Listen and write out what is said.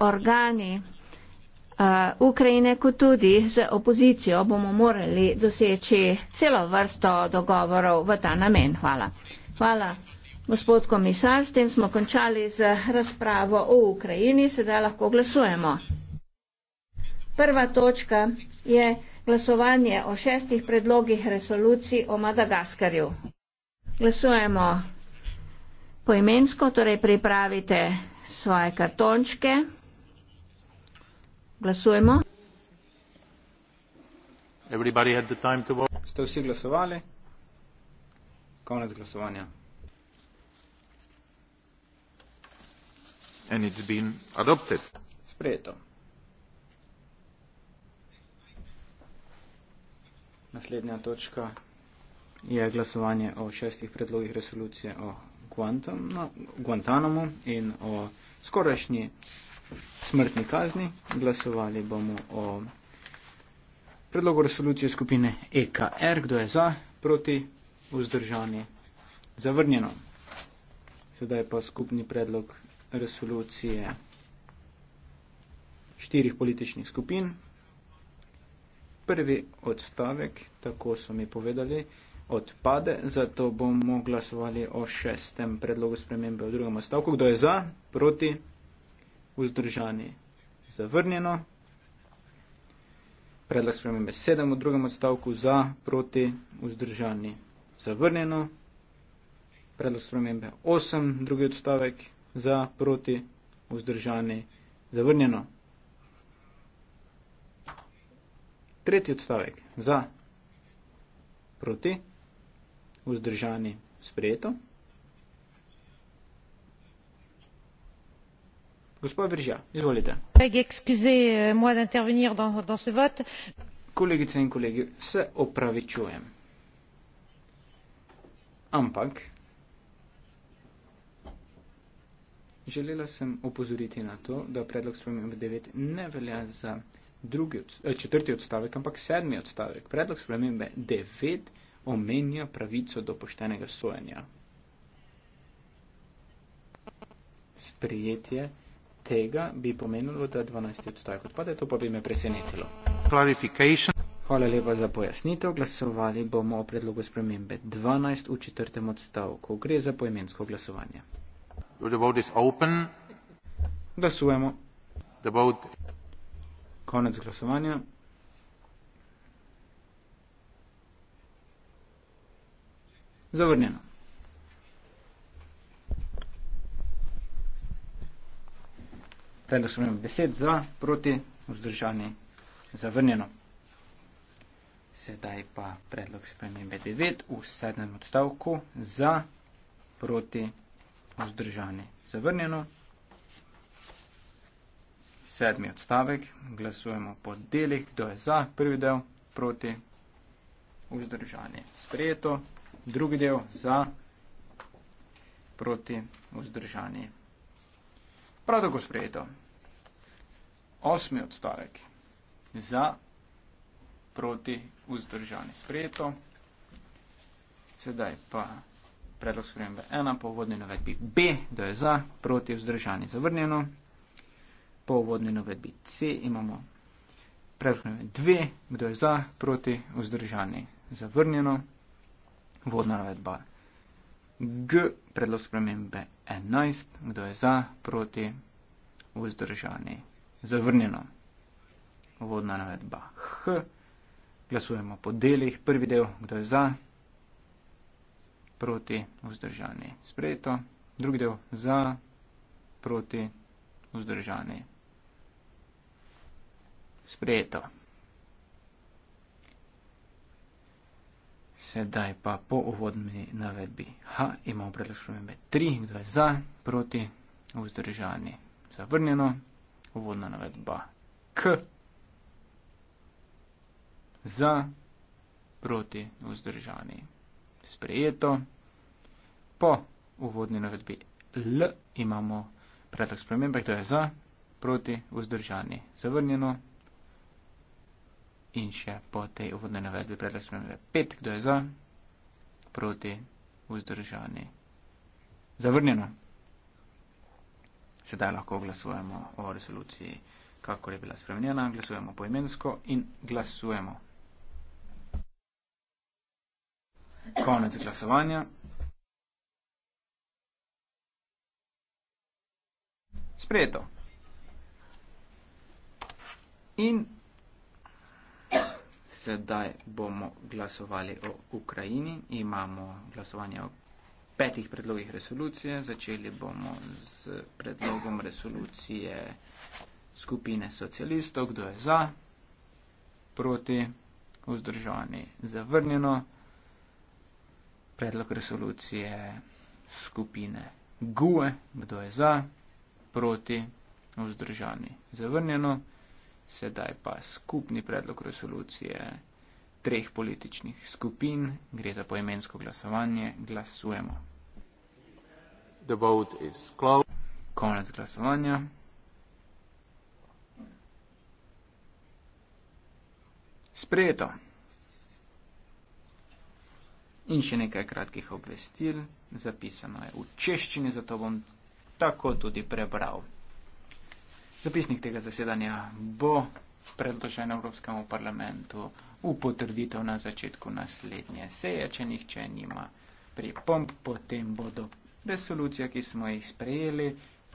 organi eh, Ukrajine, kot tudi z opozicijo, bomo morali doseči celo vrsto dogovorov v ta namen. Hvala. Hvala, gospod komisar. S tem smo končali z razpravo o Ukrajini. Sedaj lahko glasujemo. Prva točka je glasovanje o šestih predlogih resolucij o Madagaskarju. Glasujemo poimensko, torej pripravite svoje kartončke. Glasujemo. Ste vsi glasovali? Konec glasovanja. And it's been adopted. Sprejeto. Naslednja točka je glasovanje o šestih predlogih resolucije o Guantanamo, no, Guantanamo in o skorajšnji smrtni kazni. Glasovali bomo o predlogu resolucije skupine EKR, kdo je za, proti, vzdržani, zavrnjeno. Sedaj pa skupni predlog resolucije štirih političnih skupin. Prvi odstavek, tako so mi povedali, odpade, zato bomo glasovali o šestem predlogu spremembe v drugem stavku. Kdo je za, proti, vzdržani, zavrnjeno. Predlog spremembe sedem v drugem stavku za, proti, vzdržani, zavrnjeno. Predlog spremembe osem, drugi odstavek za, proti, vzdržani, zavrnjeno. Tretji odstavek za, proti, vzdržani vzdržani, sprejeto. Gospod Vržja, izvolite. Kolegice in kolegi, se opravičujem. Ampak želela sem opozoriti na to, da predlog spremembe 9 ne velja za drugi, od, eh, četrti odstavek, ampak sedmi odstavek. Predlog spremembe 9 omenja pravico do poštenega sojenja. Sprijetje tega bi pomenilo, da 12. odstavek odpade, to pa bi me presenetilo. Hvala lepa za pojasnitev. Glasovali bomo o predlogu spremembe 12 v četrtem odstavku. Gre za poimensko glasovanje. Glasujemo. Konec glasovanja. Zavrnjeno. Predlog sem imel besed za, proti, vzdržani, zavrnjeno. Sedaj pa predlog spremembe 9 v sedmem odstavku za, proti, vzdržani, zavrnjeno. Sedmi odstavek, glasujemo po delih, kdo je za, prvi del, proti, vzdržani, sprejeto drugi del za proti vzdržanje. Prav tako sprejeto. Osmi odstavek za proti vzdržanje. Sprejeto. Sedaj pa predlog spremembe 1 po uvodni navedbi B, da je za proti vzdržanje zavrnjeno. Po uvodni navedbi C imamo predlog spremembe 2, da je za proti vzdržanje zavrnjeno vodna navedba. G, predlog spremembe 11, kdo je za, proti, vzdržani, zavrnjeno. Vodna navedba H, glasujemo po delih, prvi del, kdo je za, proti, vzdržani, sprejeto, drugi del, za, proti, vzdržani, sprejeto. Sedaj pa po uvodni navedbi H imamo predlog spremembe 3, kdo je za, proti, vzdržani, zavrnjeno, uvodna navedba K, za, proti, vzdržani, sprejeto, po uvodni navedbi L imamo predlog spremembe, kdo je za, proti, vzdržani, zavrnjeno, in še po tej uvodni navedbi predlog spremembe. Pet, kdo je za, proti, vzdržani, zavrnjeno. Sedaj lahko glasujemo o resoluciji, kako je bila spremenjena, glasujemo poimensko in glasujemo. Konec glasovanja. Sprejeto. In Sedaj bomo glasovali o Ukrajini. Imamo glasovanje o petih predlogih resolucije. Začeli bomo z predlogom resolucije skupine socialistov. Kdo je za? Proti? Vzdržani? Zavrnjeno? Predlog resolucije skupine GUE. Kdo je za? Proti? Vzdržani? Zavrnjeno? sedaj pa skupni predlog resolucije treh političnih skupin, gre za poimensko glasovanje, glasujemo. The vote is closed. Konec glasovanja. Sprejeto. In še nekaj kratkih obvestil, zapisano je v češčini, zato bom tako tudi prebral. Zapisnik tega zasedanja bo predložen Evropskemu parlamentu v potrditev na začetku naslednje seje, če nihče nima pripomp, potem bodo resolucija, ki smo jih sprejeli,